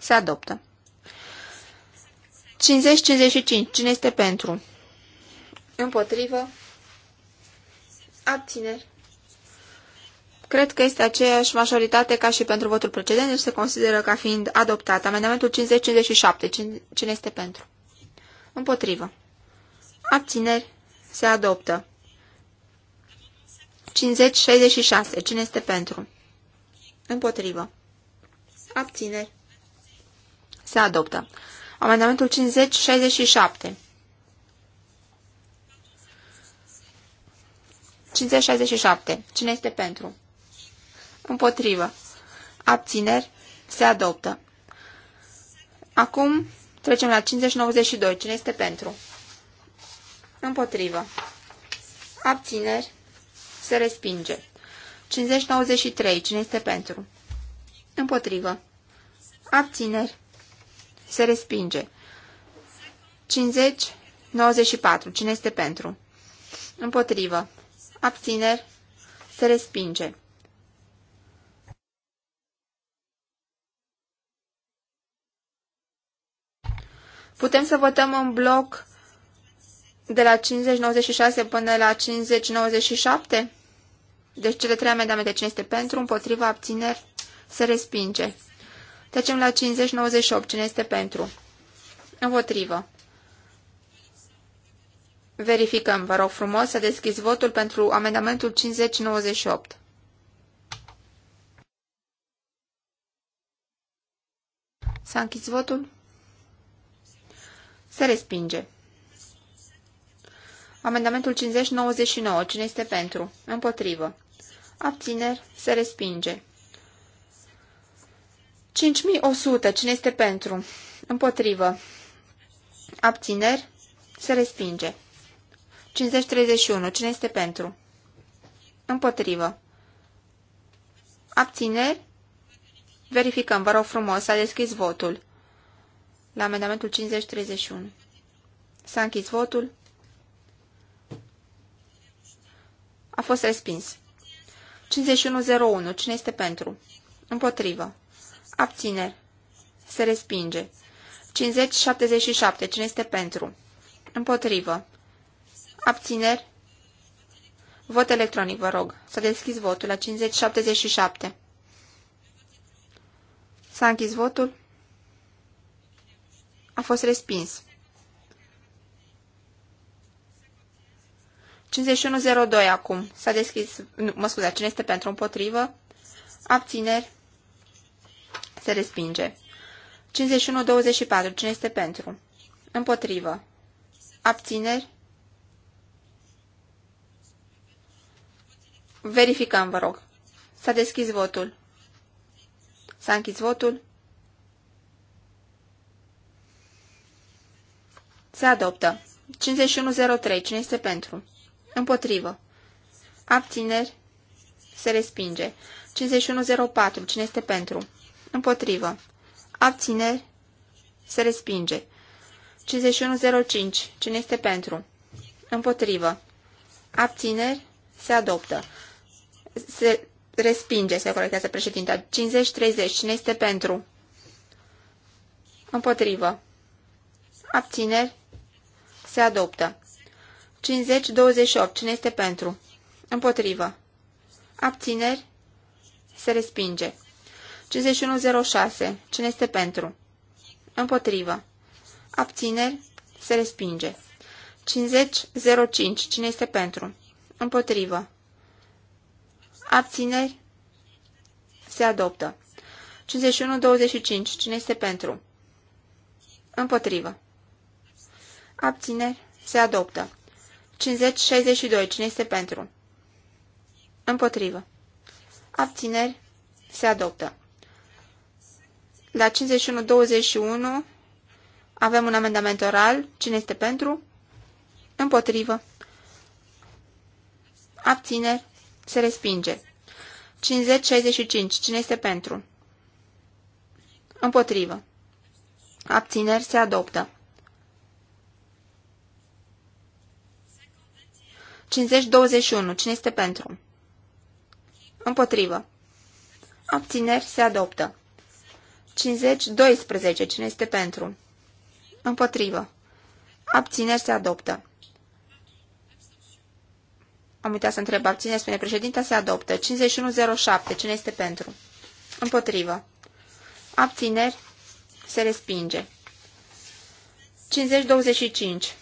Se adoptă. 50-55. Cine este pentru? Împotrivă. Abțineri. Cred că este aceeași majoritate ca și pentru votul precedent, deci se consideră ca fiind adoptat. Amendamentul 50-57. Cine este pentru? Împotrivă. Abțineri. Se adoptă. 50-66. Cine este pentru? Împotrivă. Abțineri. Se adoptă. Amendamentul 50-67. Cine este pentru? Împotrivă. Abțineri. Se adoptă. Acum trecem la 5092. Cine este pentru? Împotrivă. Abțineri. Se respinge. 5093. Cine este pentru? Împotrivă. Abțineri. Se respinge. 50, 94. Cine este pentru? Împotrivă. Abțineri. Se respinge. Putem să votăm în bloc de la 50-96 până la 50-97? Deci cele trei amendamente, cine este pentru, împotriva, abțineri, se respinge. Trecem la 50-98. Cine este pentru? Împotrivă. Verificăm, vă rog frumos, să deschizi votul pentru amendamentul 50-98. S-a închis votul? Se respinge. Amendamentul 50-99. Cine este pentru? Împotrivă. Abțineri. Se respinge. 5100. Cine este pentru? Împotrivă. Abțineri. Se respinge. 5031. Cine este pentru? Împotrivă. Abțineri. Verificăm, vă rog frumos, s-a deschis votul. La amendamentul 5031. S-a închis votul. A fost respins. 5101. Cine este pentru? Împotrivă. Abțineri. Se respinge. 50-77. Cine este pentru? Împotrivă. Abțineri. Vot electronic, vă rog. S-a deschis votul la 50-77. S-a închis votul. A fost respins. 5102 acum. S-a deschis... Nu, mă scuzați, cine este pentru împotrivă? Abțineri. Se respinge. 51-24. Cine este pentru? Împotrivă. Abțineri? Verificăm, vă rog. S-a deschis votul. S-a închis votul. Se adoptă. 51-03. Cine este pentru? Împotrivă. Abțineri. Se respinge. 51-04. Cine este pentru? Împotrivă. Abțineri. Se respinge. 5105. Cine este pentru? Împotrivă. Abțineri. Se adoptă. Se respinge, se corectează președinta. 5030. Cine este pentru? Împotrivă. Abțineri. Se adoptă. 5028. Cine este pentru? Împotrivă. Abțineri. Se respinge. 5106. Cine este pentru? Împotrivă. Abțineri. Se respinge. 5005. Cine este pentru? Împotrivă. Abțineri. Se adoptă. 5125. Cine este pentru? Împotrivă. Abțineri. Se adoptă. 5062. Cine este pentru? Împotrivă. Abțineri. Se adoptă. La 51-21 avem un amendament oral. Cine este pentru? Împotrivă. Abțineri. Se respinge. 50-65. Cine este pentru? Împotrivă. Abțineri. Se adoptă. 50-21. Cine este pentru? Împotrivă. Abțineri se adoptă. 50, 12. Cine este pentru? Împotrivă. Abțineri se adoptă. Am uitat să întreb. Abțineri, spune președinta, se adoptă. 5107. Cine este pentru? Împotrivă. Abțineri se respinge. 50-25.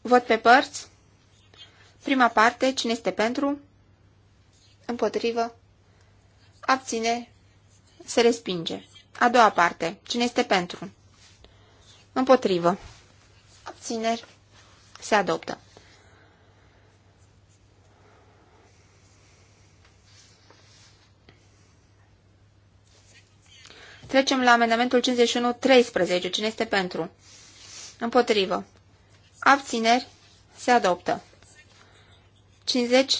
Vot pe părți. Prima parte. Cine este pentru? Împotrivă. Abține. Se respinge. A doua parte. Cine este pentru? Împotrivă. Abțineri. Se adoptă. Trecem la amendamentul 51.13. Cine este pentru? Împotrivă. Abțineri. Se adoptă. 50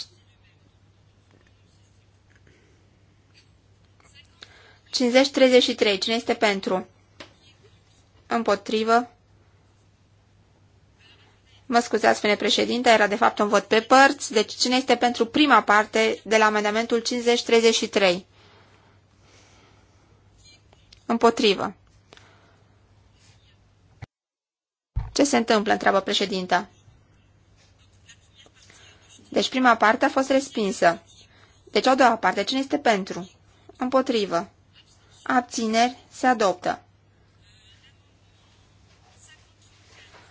50-33. Cine este pentru? Împotrivă. Mă scuzați, spune președinte, era de fapt un vot pe părți. Deci cine este pentru prima parte de la amendamentul 50-33? Împotrivă. Ce se întâmplă? întreabă președinta. Deci prima parte a fost respinsă. Deci a doua parte. Cine este pentru? Împotrivă abțineri, se adoptă.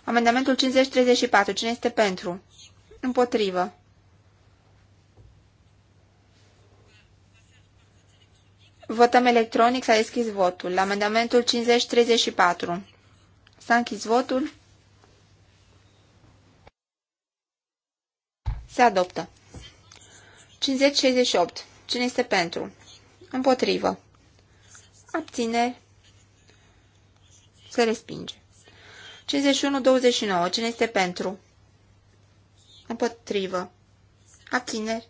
Amendamentul 5034. Cine este pentru? Împotrivă. Votăm electronic. S-a deschis votul. La amendamentul 5034. S-a închis votul. Se adoptă. 5068. Cine este pentru? Împotrivă abține, se respinge. 51-29. Cine este pentru? Împotrivă. abține,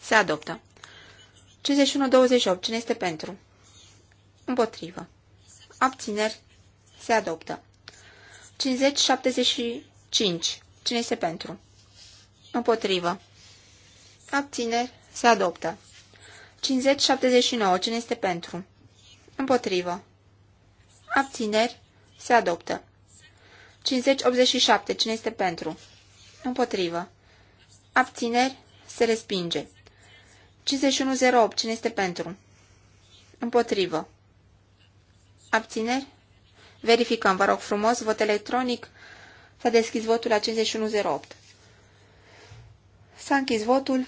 Se adoptă. 51-28. Cine este pentru? Împotrivă. Abțineri. Se adoptă. 50-75. Cine este pentru? Împotrivă. Abțineri. Se adoptă. 50-79. Cine este pentru? Împotrivă. Abțineri. Se adoptă. 50-87. Cine este pentru? Împotrivă. Abțineri. Se respinge. 51-08. Cine este pentru? Împotrivă. Abțineri. Verificăm, vă rog frumos, vot electronic. S-a deschis votul la 5108. S-a închis votul.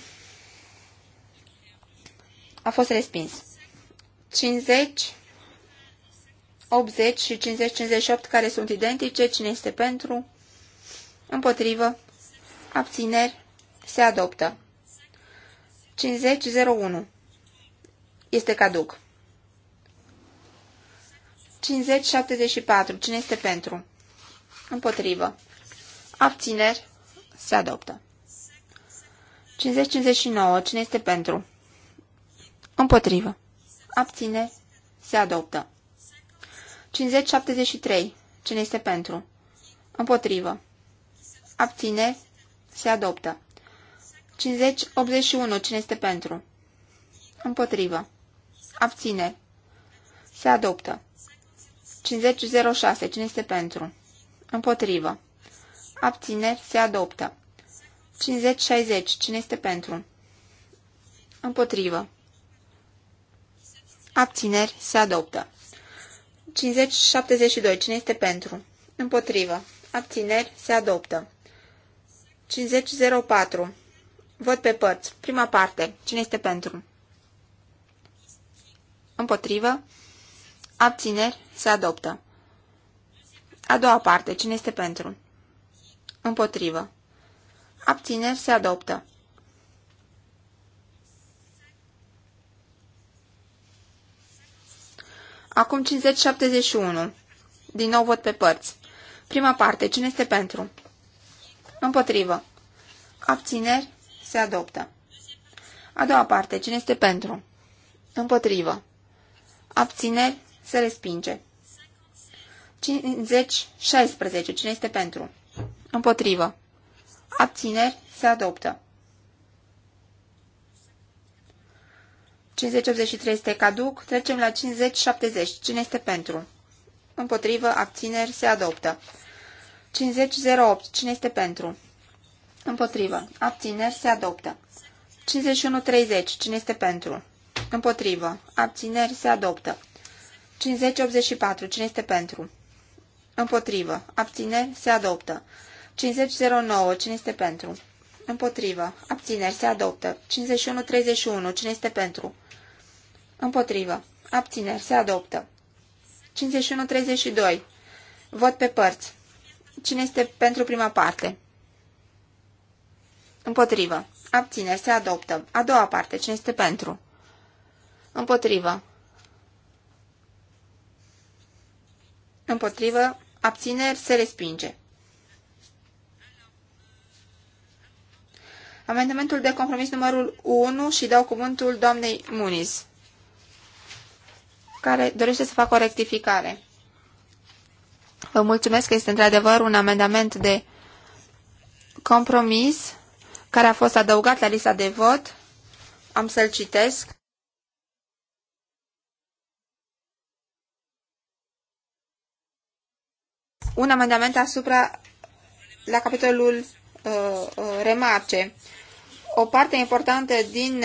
A fost respins. 50, 80 și 50, 58 care sunt identice. Cine este pentru? Împotrivă. Abțineri. Se adoptă. 50, 01. Este caduc. 50, 74. Cine este pentru? Împotrivă. Abțineri. Se adoptă. 50-59. Cine este pentru? Împotrivă. abține, Se adoptă. 5073. Cine este pentru? Împotrivă. abține, Se adoptă. 5081. Cine este pentru? Împotrivă. abține, Se adoptă. 5006. Cine este pentru? Împotrivă. abține, Se adoptă. 5060. Cine este pentru? Împotrivă. Abțineri se adoptă. 50-72. Cine este pentru? Împotrivă. Abțineri se adoptă. 50-04. Vot pe părți. Prima parte. Cine este pentru? Împotrivă. Abțineri se adoptă. A doua parte. Cine este pentru? Împotrivă. Abțineri se adoptă. Acum 571. Din nou vot pe părți. Prima parte. Cine este pentru? Împotrivă. Abțineri. Se adoptă. A doua parte. Cine este pentru? Împotrivă. Abțineri. Se respinge. 50-16. Cine este pentru? Împotrivă. Abțineri. Se adoptă. 50-83 este caduc. Trecem la 50-70. Cine este pentru? Împotrivă, abțineri, se adoptă. 50-08. Cine este pentru? Împotrivă. Abțineri, se adoptă. 51-30. Cine este pentru? Împotrivă. Abțineri, se adoptă. 50-84. Cine este pentru? Împotrivă. Abțineri, se adoptă. 50-09. Cine este pentru? Împotrivă. Abțineri. Se adoptă. 51-31. Cine este pentru? Împotrivă. Abțineri. Se adoptă. 51-32. Vot pe părți. Cine este pentru prima parte? Împotrivă. Abțineri. Se adoptă. A doua parte. Cine este pentru? Împotrivă. Împotrivă. Abțineri. Se respinge. Amendamentul de compromis numărul 1 și dau cuvântul doamnei Muniz, care dorește să facă o rectificare. Vă mulțumesc că este într-adevăr un amendament de compromis care a fost adăugat la lista de vot. Am să-l citesc. Un amendament asupra la capitolul Uh, uh, remarce. O parte importantă din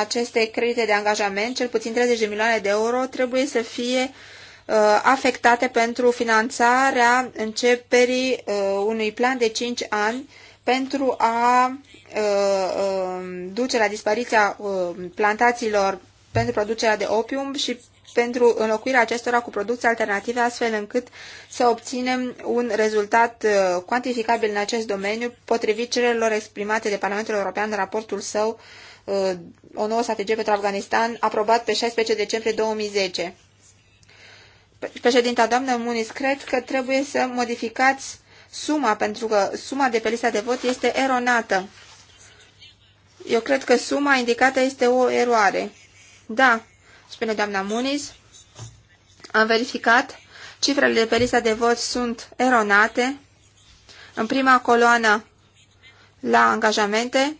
aceste credite de angajament, cel puțin 30 de milioane de euro, trebuie să fie uh, afectate pentru finanțarea începerii unui plan de 5 ani pentru a um, duce la dispariția plantațiilor pentru producerea de opium și pentru înlocuirea acestora cu producții alternative, astfel încât să obținem un rezultat uh, cuantificabil în acest domeniu, potrivit cererilor exprimate de Parlamentul European în raportul său uh, o nouă strategie pentru Afganistan, aprobat pe 16 decembrie 2010. Președinta doamnă Muniz, cred că trebuie să modificați suma, pentru că suma de pe lista de vot este eronată. Eu cred că suma indicată este o eroare. Da, spune doamna Muniz. Am verificat, cifrele de pe lista de vot sunt eronate. În prima coloană la angajamente,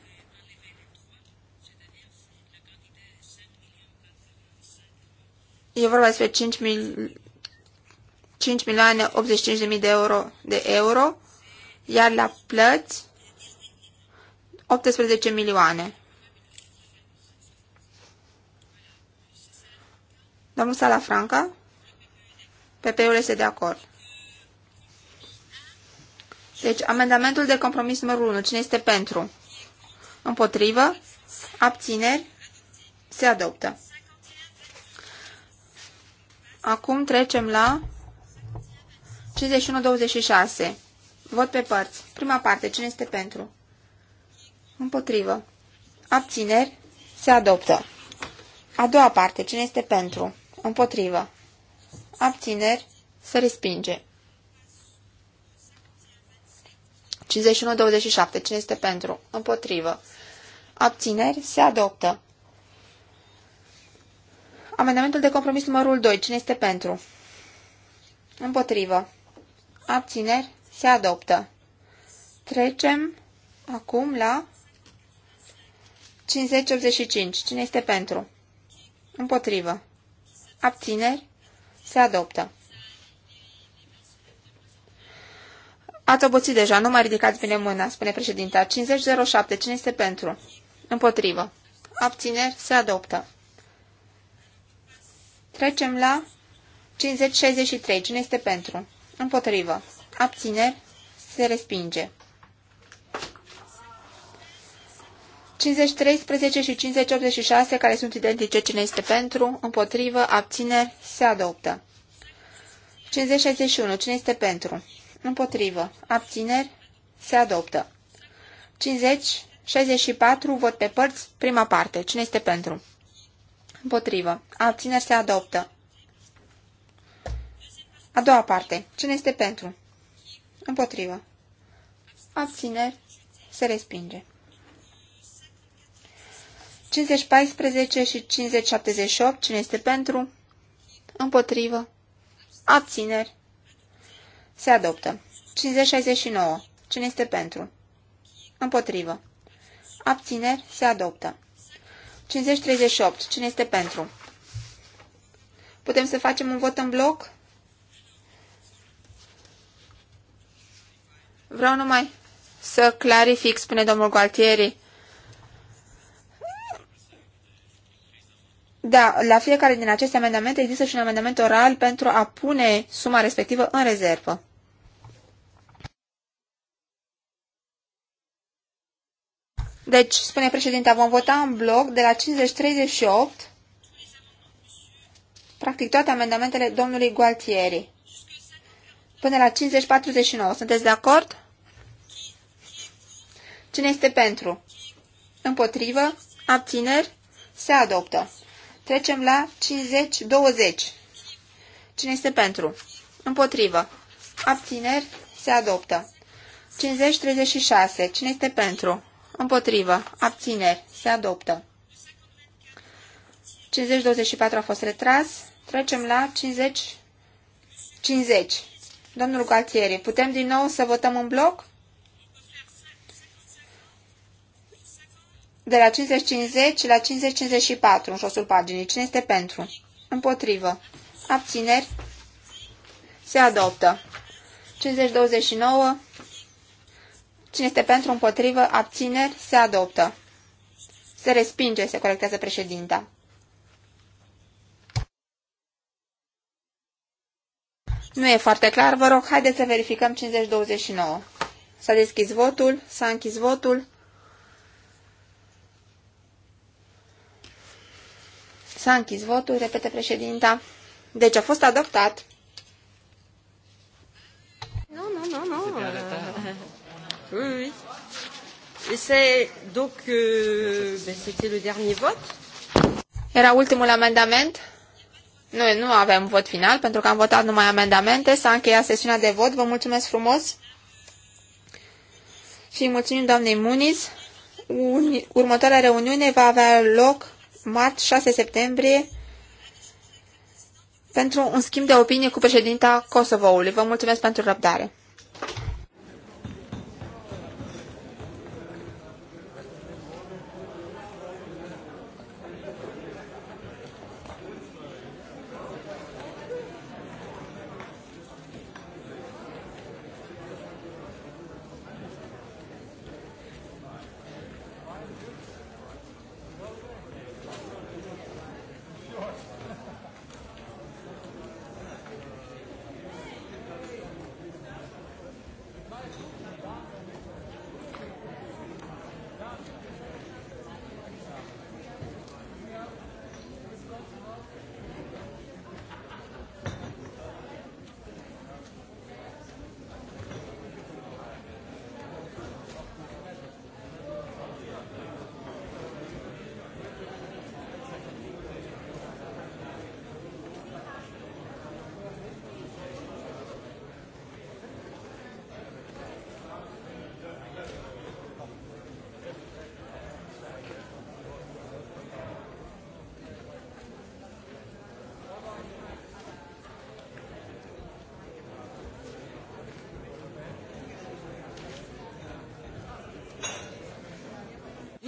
e vorba despre 5 mil... 5 milioane 85 de mii de euro, de euro, iar la plăți 18 milioane. Domnul Salafranca? PP-ul este de acord. Deci, amendamentul de compromis numărul 1. Cine este pentru? Împotrivă? Abțineri? Se adoptă. Acum trecem la 51-26. Vot pe părți. Prima parte. Cine este pentru? Împotrivă. Abțineri? Se adoptă. A doua parte. Cine este pentru? Împotrivă. Abțineri. Se respinge. 51-27. Cine este pentru? Împotrivă. Abțineri. Se adoptă. Amendamentul de compromis numărul 2. Cine este pentru? Împotrivă. Abțineri. Se adoptă. Trecem acum la 50-85. Cine este pentru? Împotrivă. Abțineri? Se adoptă. Ați obosit deja, nu mai ridicați bine mâna, spune președinta. 5007, cine este pentru? Împotrivă. Abțineri? Se adoptă. Trecem la 5063, cine este pentru? Împotrivă. Abțineri? Se respinge. 5013 și 5086 care sunt identice cine este pentru, împotrivă, abțineri, se adoptă. 5061 cine este pentru, împotrivă, abțineri, se adoptă. 5064 vot pe părți, prima parte, cine este pentru, împotrivă, abțineri, se adoptă. A doua parte, cine este pentru, împotrivă, abțineri, se respinge. 5014 și 5078, cine este pentru? Împotrivă. Abțineri. Se adoptă. 5069, cine este pentru? Împotrivă. Abțineri. Se adoptă. 5038, cine este pentru? Putem să facem un vot în bloc? Vreau numai să clarific, spune domnul Gualtieri, Da, la fiecare din aceste amendamente există și un amendament oral pentru a pune suma respectivă în rezervă. Deci, spune președinta, vom vota în bloc de la 5038, practic toate amendamentele domnului Gualtieri, până la 5049. Sunteți de acord? Cine este pentru? Împotrivă? Abțineri? Se adoptă. Trecem la 50-20. Cine este pentru? Împotrivă. Abțineri se adoptă. 50-36. Cine este pentru? Împotrivă. Abțineri se adoptă. 50-24 a fost retras. Trecem la 50-50. Domnul Galtieri, putem din nou să votăm în bloc? de la 50-50 la 50-54 în josul paginii. Cine este pentru? Împotrivă. Abțineri. Se adoptă. 50-29. Cine este pentru? Împotrivă. Abțineri. Se adoptă. Se respinge, se corectează președinta. Nu e foarte clar, vă rog, haideți să verificăm 50-29. S-a deschis votul, s-a închis votul. S-a închis votul, repete președinta. Deci a fost adoptat. Nu, nu, nu, nu. Se duc... Et euh, c'était le dernier vote. Era ultimul amendament. Noi nu avem vot final pentru că am votat numai amendamente. S-a încheiat sesiunea de vot. Vă mulțumesc frumos. Și mulțumim doamnei Muniz. Următoarea reuniune va avea loc mart, 6 septembrie pentru un schimb de opinie cu președinta Kosovoului. Vă mulțumesc pentru răbdare.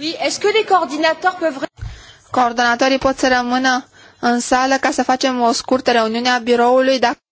dit, est-ce que les coordinateurs peuvent... Coordonatorii pot să rămână în sală ca să facem o scurtă reuniune a biroului dacă